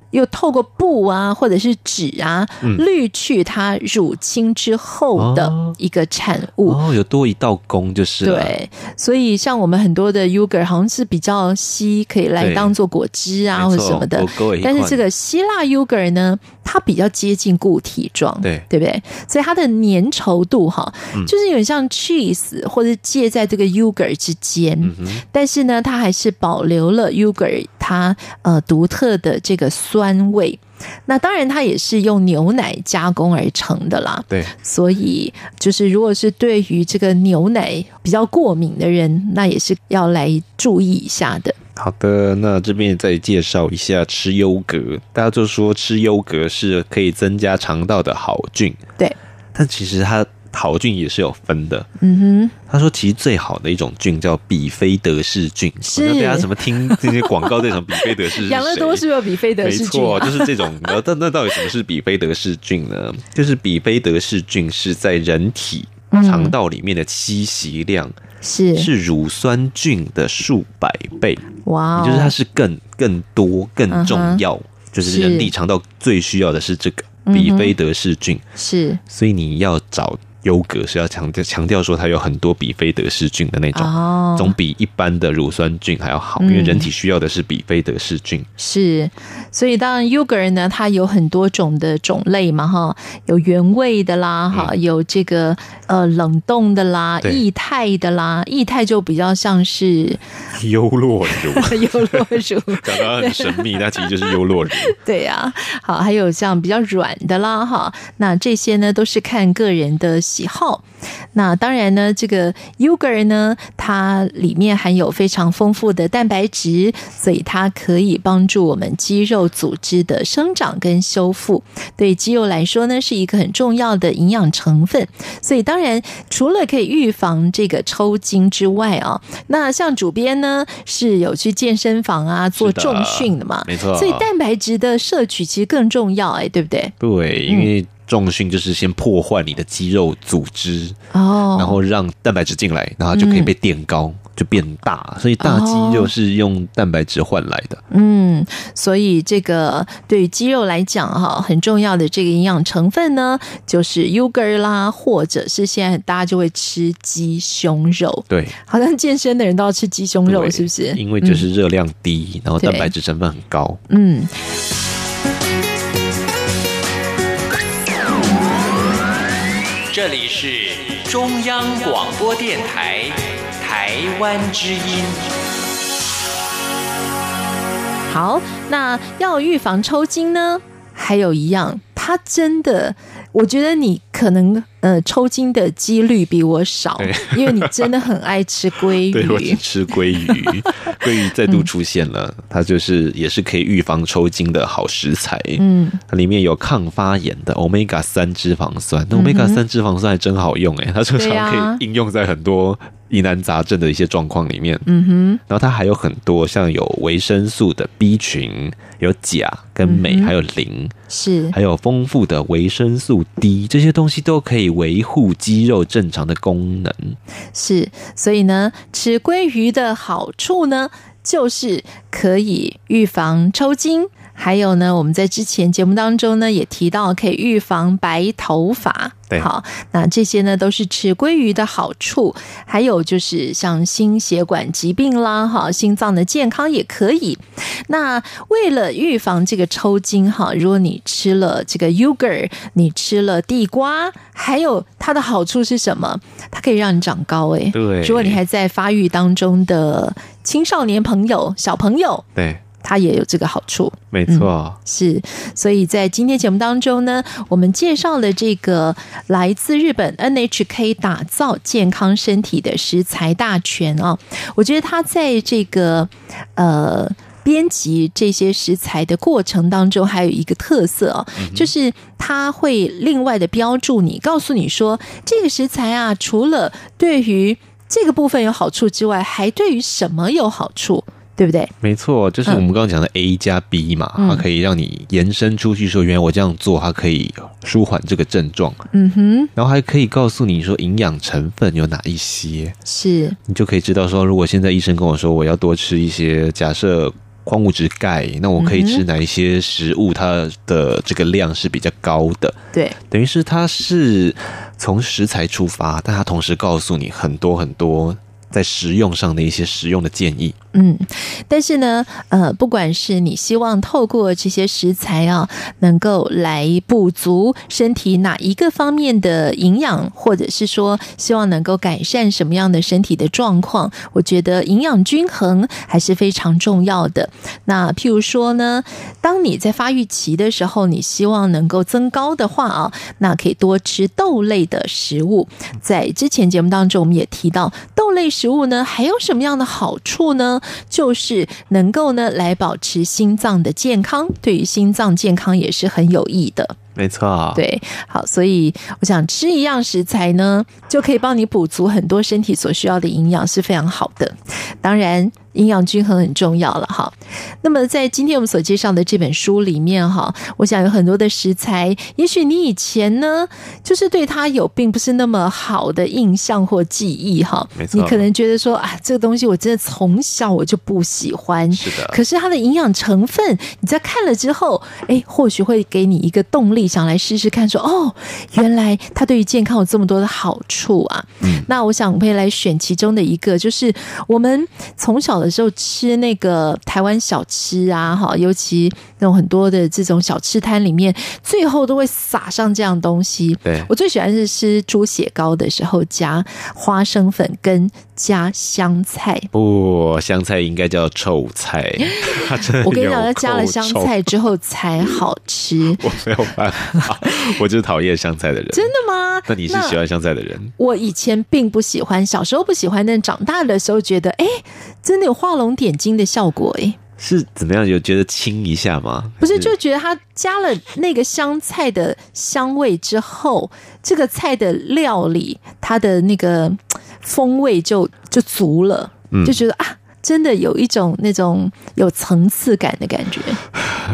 又透過布啊，或者是紙啊，濾、嗯、去它乳清之後的一個產物，哦，哦，有多一道工就是了。對，所以像我們很多的 yogurt 好像是比較稀，可以來當做果汁啊對或者什麼的。哦、但是這個希臘 yogurt 呢，它比較接近固體狀，對，對不對？所以它的粘稠度哈，就是有點像 cheese 或者是介在這個 yogurt 之間。嗯、哼但是呢，它還是保留了 yogurt 它呃獨特的這個酸。酸味，那當然它也是用牛奶加工而成的啦。對，所以就是如果是對於這個牛奶比較過敏的人，那也是要來注意一下的。好的，那這邊再介紹一下吃優格，大家就說吃優格是可以增加腸道的好菌，對，但其實它。好菌也是有分的，嗯哼，他說其實最好的一種菌叫比菲德氏菌，我覺得大家怎麼聽這些廣告，這種比菲德氏養樂多是不是比菲德氏菌？啊，沒錯，就是這種那。那到底什麼是比菲德氏菌呢？ 就是比菲德氏菌是在人體腸道裡面的棲息量是，嗯，是乳酸菌的數百倍，哇、哦，就是它是更更多更重要，嗯、哼就是人體腸道最需要的是這個，嗯、哼比菲德氏菌，是，所以你要找。優格是要強調強調說它有很多比菲德氏菌的那種，哦、總比一般的乳酸菌還要好，嗯、因為人體需要的是比菲德氏菌。是，所以當然優格呢，它有很多種的種類嘛，哈，有原味的啦，哈，有這個呃冷凍的啦，嗯、液態的啦，對液態就比較像是優酪乳，優 酪乳如，講得 很神秘，那對其實就是優酪乳。對呀、啊，好，還有像比較軟的啦，哈，那這些呢都是看個人的。喜好，那當然呢，這個 yogurt 呢，它裡面含有非常豐富的蛋白質，所以它可以幫助我們肌肉組織的生長跟修復。對肌肉來說呢，是一個很重要的營養成分。所以當然，除了可以預防這個抽筋之外啊、哦，那像主編呢是有去健身房啊做重訓的嘛，的沒錯、哦。所以蛋白質的攝取其實更重要、欸，哎，對不對？對，因為、嗯。重訓就是先破壞你的肌肉組織，哦，oh. 然後讓蛋白質進來，然後就可以被墊高，mm. 就變大。所以大肌肉是用蛋白質換來的。嗯，oh. mm. 所以這個對於肌肉來講，哈，很重要的這個營養成分呢，就是 yogurt 啦，或者是現在大家就會吃雞胸肉。對，好像健身的人都要吃雞胸肉，是不是？因為就是熱量低，mm. 然後蛋白質成分很高。嗯。Mm. 這裡是中央廣播電台台灣之音。好，那要預防抽筋呢？還有一樣，它真的。我覺得你可能呃，抽筋的幾率比我少，因為你真的很愛吃鮭魚。 對，我經常吃鮭魚，鮭 魚再度出現了，它就是也是可以預防抽筋的好食材。嗯，它裡面有抗發炎的 Omega 三脂肪酸，那 Omega 三脂肪酸還真好用誒、欸、嗯、哼它經常可以應用在很多。疑難雜症的一些狀況裡面，嗯哼，然後它還有很多像有維生素的 B 群，有鉀跟鎂，嗯哼，還有磷，是，還有豐富的維生素 D，這些東西都可以維護肌肉正常的功能。是，所以呢，吃鮭魚的好處呢，就是可以預防抽筋。還有呢，我們在之前節目當中呢也提到，可以預防白頭髮。對，好，那這些呢都是吃鮭魚的好處。還有就是像心血管疾病啦，哈，心臟的健康也可以。那為了預防這個抽筋，哈，如果你吃了這個 yogurt，你吃了地瓜，還有它的好處是什麼？它可以讓你長高哎、欸。對，如果你還在發育當中的青少年朋友、小朋友，對。它也有這個好處，沒錯、嗯。是，所以在今天節目當中呢，我們介紹了這個來自日本 NHK 打造健康身體的食材大全啊、哦。我覺得他在這個呃編輯這些食材的過程當中，還有一個特色哦，就是他會另外的標註你，告訴你說這個食材啊，除了對於這個部分有好處之外，還對於什麼有好處？對不對？沒錯，就是我們剛剛講的 A 加 B 嘛，嗯、它可以讓你延伸出去說，原來我這樣做，它可以舒緩這個症狀。嗯哼，然後還可以告訴你說，營養成分有哪一些？是，你就可以知道說，如果現在醫生跟我說我要多吃一些，假設礦物質鈣，那我可以吃哪一些食物？它的這個量是比較高的。對、嗯哼，等於是它是從食材出發，但它同時告訴你很多很多在食用上的一些實用的建議。嗯，但是呢，呃，不管是你希望透過這些食材啊，能夠來補足身體哪一個方面的營養，或者是說希望能夠改善什麼樣的身體的狀況，我覺得營養均衡還是非常重要的。那譬如說呢，當你在發育期的時候，你希望能夠增高的話啊，那可以多吃豆類的食物。在之前節目當中，我們也提到豆類食物呢，還有什麼樣的好處呢？就是能夠呢來保持心臟的健康，對於心臟健康也是很有益的。沒錯啊，對，好，所以我想吃一樣食材呢，就可以幫你補足很多身體所需要的營養，是非常好的。當然。營養均衡很重要了哈。那麼在今天我們所介紹的這本書裡面哈，我想有很多的食材，也許你以前呢就是對它有並不是那麼好的印象或記憶哈。沒錯，你可能覺得說啊，這個東西我真的從小我就不喜歡。是的。可是它的營養成分你在看了之後，哎，或許會給你一個動力，想來試試看說，說哦，原來它對於健康有這麼多的好處啊。嗯。那我想我可以來選其中的一個，就是我們從小。有時候吃那個台灣小吃啊，哈，尤其那種很多的這種小吃攤裡面，最後都會撒上這樣東西。對，我最喜歡是吃豬血糕的時候，加花生粉跟。加香菜。不香菜應該叫臭菜，我跟你講，要加了香菜之後才好吃， 我沒有辦法，我就討厭香菜的人。真的嗎？那你是喜歡香菜的人？我以前並不喜歡，小時候不喜歡，但長大的時候覺得，哎、欸，真的有畫龍點睛的效果、欸。哎，是怎麼樣？有覺得清一下嗎？不是，就覺得他加了那個香菜的香味之後，這個菜的料理，它的那個。風味就就足了，就覺得、嗯、啊，真的有一種那種有層次感的感覺。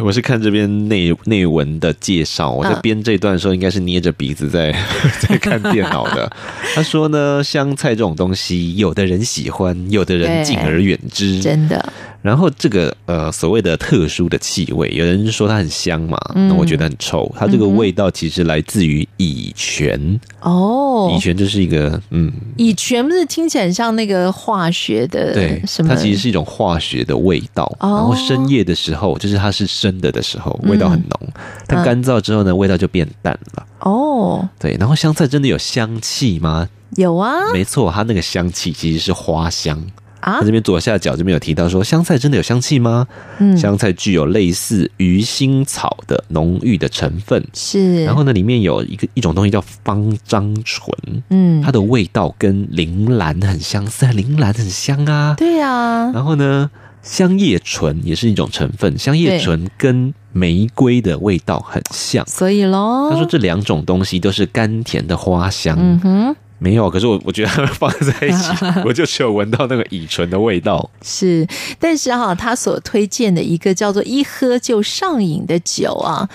我是看這邊內內文的介紹，我在編這段的時候，應該是捏着鼻子在、嗯、 在看電腦的。他說呢，香菜這種東西，有的人喜歡，有的人敬而遠之，真的。然後這個呃所謂的特殊的氣味，有人說它很香嘛，那、嗯、我覺得很臭。它這個味道其實來自於乙醛。哦，乙醛就是一個嗯，乙醛不是聽起來很像那個化學的什麼？對，它其實是一種化學的味道。哦。然後深夜的時候，就是它是生的的時候，味道很濃。它、嗯、乾燥之後呢，味道就變淡了。哦，對。然後香菜真的有香氣嗎？有啊，沒錯，它那個香氣其實是花香。啊，這邊左下角這邊有提到說，香菜真的有香氣嗎？嗯，香菜具有類似魚腥草的濃郁的成分。是，然後呢，裡面有一個一種東西叫芳樟醇，嗯，它的味道跟鈴蘭很相似，鈴蘭很香啊。對啊。然後呢，香葉醇也是一種成分，香葉醇跟玫瑰的味道很像，所以咯，他說這兩種東西都是甘甜的花香。嗯哼。沒有，可是我我覺得它們放在一起，我就只有聞到那個乙醇的味道。 是，但是哈，他所推薦的一個叫做一喝就上癮的酒啊，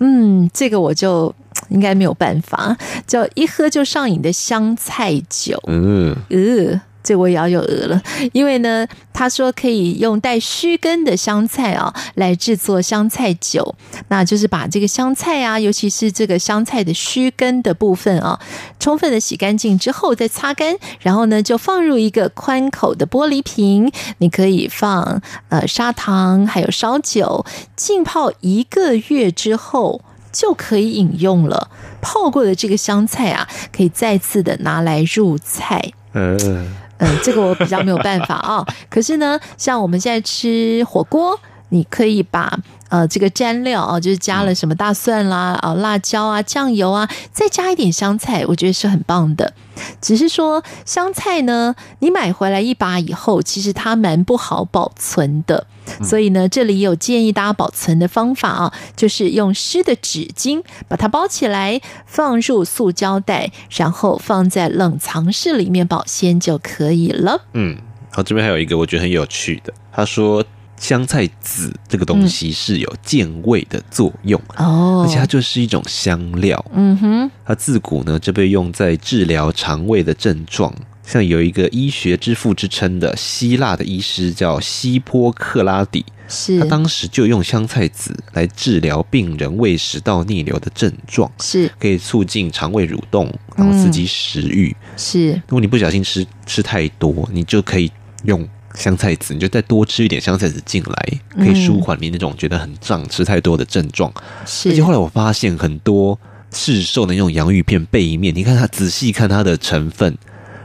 嗯，這個我就應該沒有辦法，叫一喝就上癮的香菜酒。嗯。嗯對，我也要有鵝了，因為呢，他說可以用帶須根的香菜啊、哦、來制作香菜酒，那就是把這個香菜啊，尤其是這個香菜的須根的部分啊、哦，充分的洗乾淨之後再擦乾，然後呢就放入一個寬口的玻璃瓶，你可以放呃砂糖還有燒酒，浸泡一個月之後就可以飲用了。泡過的這個香菜啊，可以再次的拿來入菜。嗯。嗯嗯，這個我比較沒有辦法啊、哦。可是呢，像我們現在吃火鍋，你可以把呃這個蘸料啊、哦，就是加了什麼大蒜啦、啊辣椒啊、醬油啊，再加一點香菜，我覺得是很棒的。只是說香菜呢，你買回來一把以後，其實它蠻不好保存的。所以呢，這裡有建議大家保存的方法啊、哦，就是用濕的紙巾把它包起來，放入塑膠袋，然後放在冷藏室裡面保鮮就可以了。嗯，好、哦，這邊還有一個我覺得很有趣的，他說香菜籽這個東西是有健胃的作用哦，嗯、而且它就是一種香料，嗯哼、哦，它自古呢就被用在治療腸胃的症狀。像有一個醫學之父之稱的希臘的醫師叫希波克拉底，是他當時就用香菜籽來治療病人胃食道逆流的症狀，是可以促進腸胃蠕動，然後刺激食慾。嗯、是如果你不小心吃吃太多，你就可以用香菜籽，你就再多吃一點香菜籽進來，可以舒緩你那種覺得很脹吃太多的症狀。是而且後來我發現很多市售的那種洋芋片背面，你看它仔細看它的成分。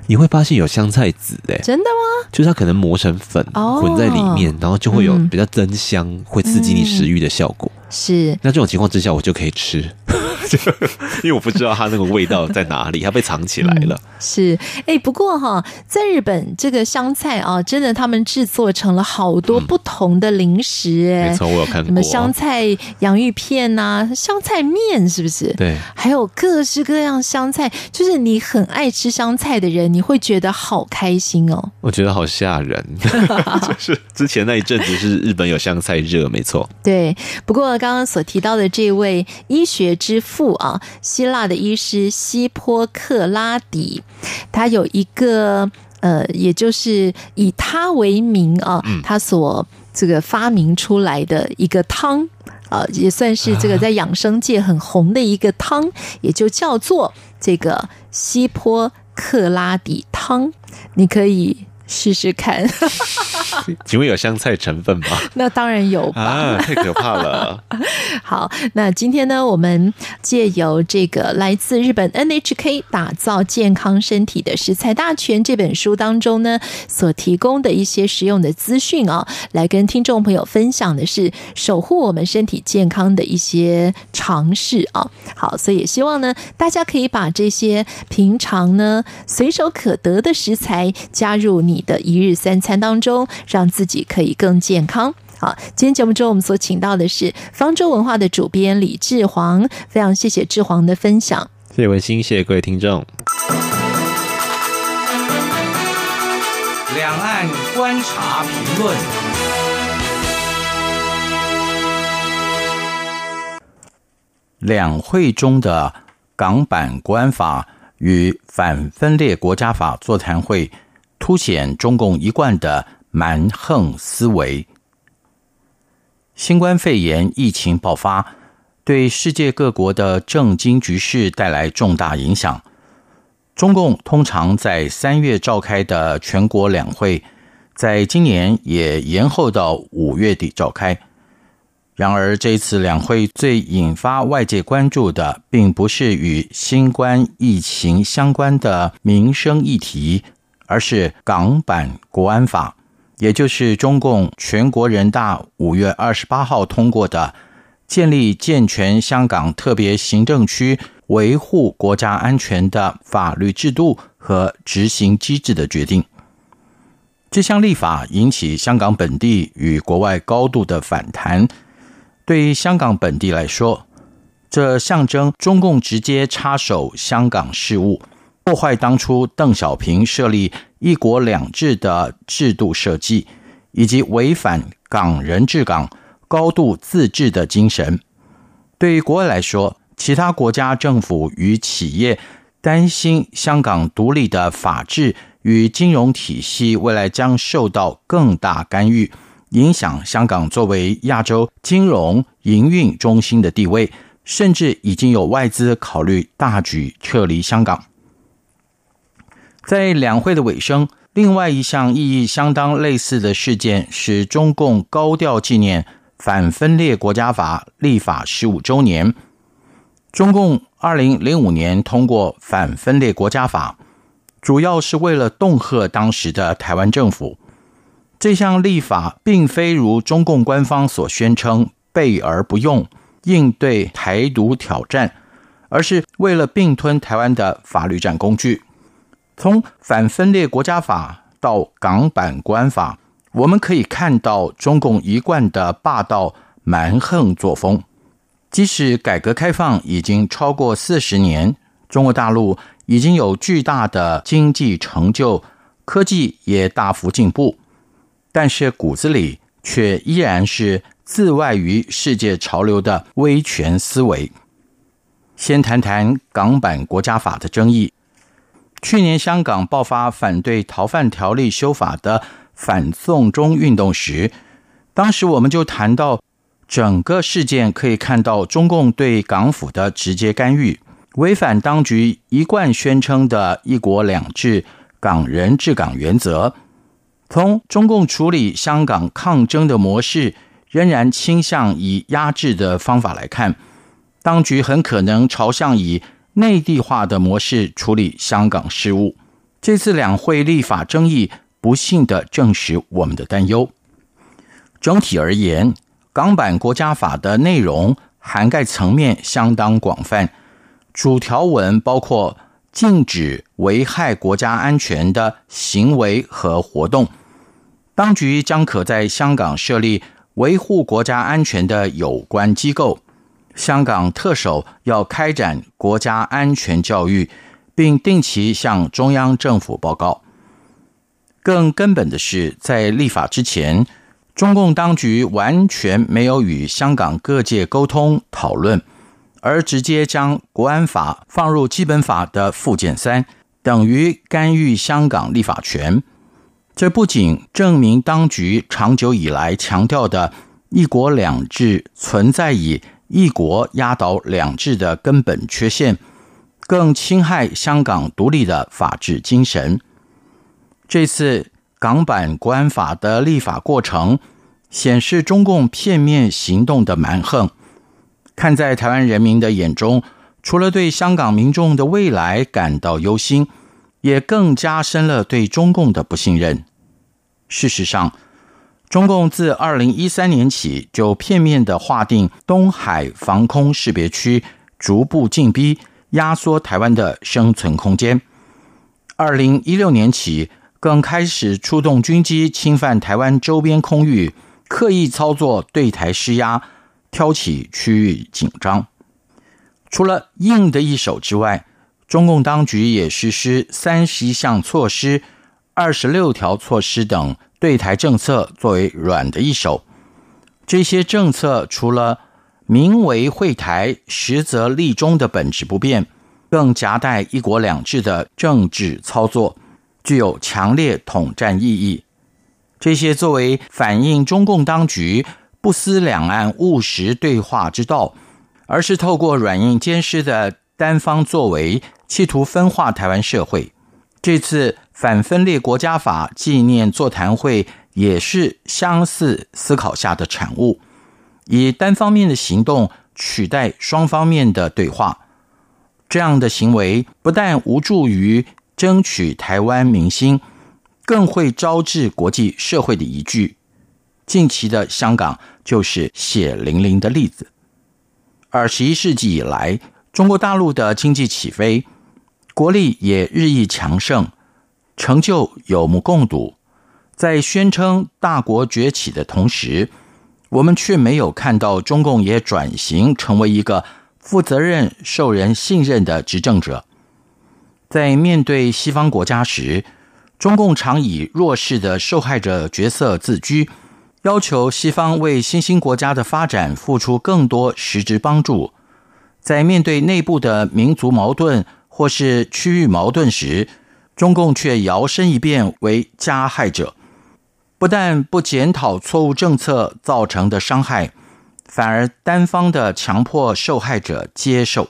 你會發現有香菜籽誒、欸，真的嗎？就是它可能磨成粉，oh, 混在裡面，然後就會有比較增香、嗯、會刺激你食欲的效果。嗯、是。那這種情況之下，我就可以吃。 因為我不知道它那個味道在哪裡，它被藏起來了。嗯、是哎、欸，不過哈、哦，在日本這個香菜啊、哦，真的他們製作成了好多不同的零食、嗯。沒錯，我有看過什麼香菜洋芋片吶、啊，香菜麵是不是？對，還有各式各樣香菜。就是你很愛吃香菜的人，你會覺得好開心哦。我覺得好嚇人， 就是之前那一陣子是日本有香菜熱，沒錯。對，不過剛剛所提到的這位醫學之父。富啊，希臘的醫師希波克拉底，他有一個呃，也就是以他為名啊，他所這個發明出來的一個湯啊、呃，也算是這個在養生界很紅的一個湯，uh huh. 也就叫做這個希波克拉底湯，你可以試試看。 請問有香菜成分嗎？那當然有吧啊，太可怕了。 好，那今天呢，我們借由這個來自日本 NHK 打造健康身體的食材大全這本書當中呢，所提供的一些實用的資訊啊、哦，來跟聽眾朋友分享的是守護我們身體健康的一些常識啊、哦。好，所以也希望呢，大家可以把這些平常呢隨手可得的食材加入你的一日三餐當中。讓自己可以更健康。好，今天節目中我們所請到的是方舟文化的主編李志煌，非常謝謝志煌的分享。謝文心，謝謝各位聽眾。兩岸觀察評論，兩會中的港版國安法與反分裂國家法座談會，凸顯中共一貫的。蠻橫思維。新冠肺炎疫情爆發，對世界各國的政經局勢帶來重大影響。中共通常在三月召開的全國兩會，在今年也延後到五月底召開。然而，這次兩會最引發外界關注的，並不是與新冠疫情相關的民生議題，而是港版國安法。也就是中共全國人大五月二十八號通過的，建立健全香港特別行政區維護國家安全的法律制度和執行機制的決定。這項立法引起香港本地與國外高度的反彈。對於香港本地來說，這象徵中共直接插手香港事務。破壞當初鄧小平設立“一國兩制”的制度設計，以及違反港人治港、高度自治的精神。對於國外來說，其他國家政府與企業擔心香港獨立的法治與金融體系未來將受到更大干預，影響香港作為亞洲金融營運中心的地位，甚至已經有外資考慮大舉撤離香港。在兩會的尾聲，另外一項意義相當類似的事件是中共高調紀念《反分裂國家法》立法十五周年。中共二零零五年通過《反分裂國家法》，主要是為了恫嚇當時的台灣政府。這項立法並非如中共官方所宣稱“備而不用，應對台獨挑戰”，而是為了併吞台灣的法律戰工具。從《反分裂國家法》到港版《國安法》，我們可以看到中共一貫的霸道蠻橫作風。即使改革開放已經超過四十年，中國大陸已經有巨大的經濟成就，科技也大幅進步，但是骨子裡卻依然是自外於世界潮流的威權思維。先談談港版《國家法》的爭議。去年香港爆發反對逃犯條例修法的反送中運動時，當時我們就談到整個事件可以看到中共對港府的直接干預，違反當局一貫宣稱的一國兩制、港人治港原則。從中共處理香港抗爭的模式，仍然傾向以壓制的方法來看，當局很可能朝向以。內地化的模式處理香港事務，這次兩會立法爭議不幸地證實我們的擔憂。整體而言，港版國家法的內容涵蓋層面相當廣泛，主條文包括禁止危害國家安全的行為和活動，當局將可在香港設立維護國家安全的有關機構。香港特首要開展國家安全教育，並定期向中央政府報告。更根本的是，在立法之前，中共當局完全沒有與香港各界溝通討論，而直接將國安法放入基本法的附件三，等於干預香港立法權。這不僅證明當局長久以來強調的一國兩制存在以。一國壓倒兩制的根本缺陷，更侵害香港獨立的法治精神。這次港版國安法的立法過程，顯示中共片面行動的蠻橫。看在台灣人民的眼中，除了對香港民眾的未來感到憂心，也更加深了對中共的不信任。事實上。中共自二零一三年起就片面地劃定東海防空識別區，逐步進逼，壓縮台灣的生存空間。二零一六年起，更開始出動軍機侵犯台灣周邊空域，刻意操作對台施壓，挑起區域緊張。除了硬的一手之外，中共當局也實施三十一項措施，二十六條措施等。對台政策作為軟的一手，這些政策除了名為“惠臺”，實則利中的本質不變，更夾帶“一國兩制”的政治操作，具有強烈統戰意義。這些作為反映中共當局不思兩岸務實對話之道，而是透過軟硬兼施的單方作為，企圖分化臺灣社會。這次。反分裂國家法紀念座談會也是相似思考下的產物，以單方面的行動取代雙方面的對話，這樣的行為不但無助於爭取台灣民心，更會招致國際社會的疑懼。近期的香港就是血淋淋的例子。二十一世紀以來，中國大陸的經濟起飛，國力也日益強盛。成就有目共睹。在宣稱大國崛起的同時，我們卻沒有看到中共也轉型成為一個負責任、受人信任的執政者。在面對西方國家時，中共常以弱勢的受害者角色自居，要求西方為新興國家的發展付出更多實質幫助。在面對內部的民族矛盾或是區域矛盾時，中共卻搖身一變為加害者，不但不檢討錯誤政策造成的傷害，反而單方的強迫受害者接受。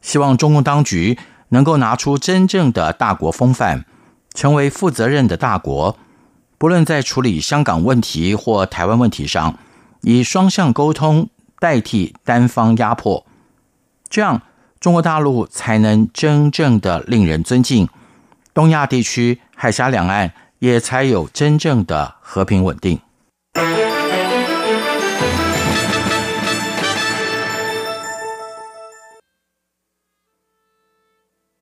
希望中共當局能夠拿出真正的大國風範，成為負責任的大國，不論在處理香港問題或台灣問題上，以雙向溝通代替單方壓迫，這樣中國大陸才能真正的令人尊敬。東亞地區海峽兩岸也才有真正的和平穩定。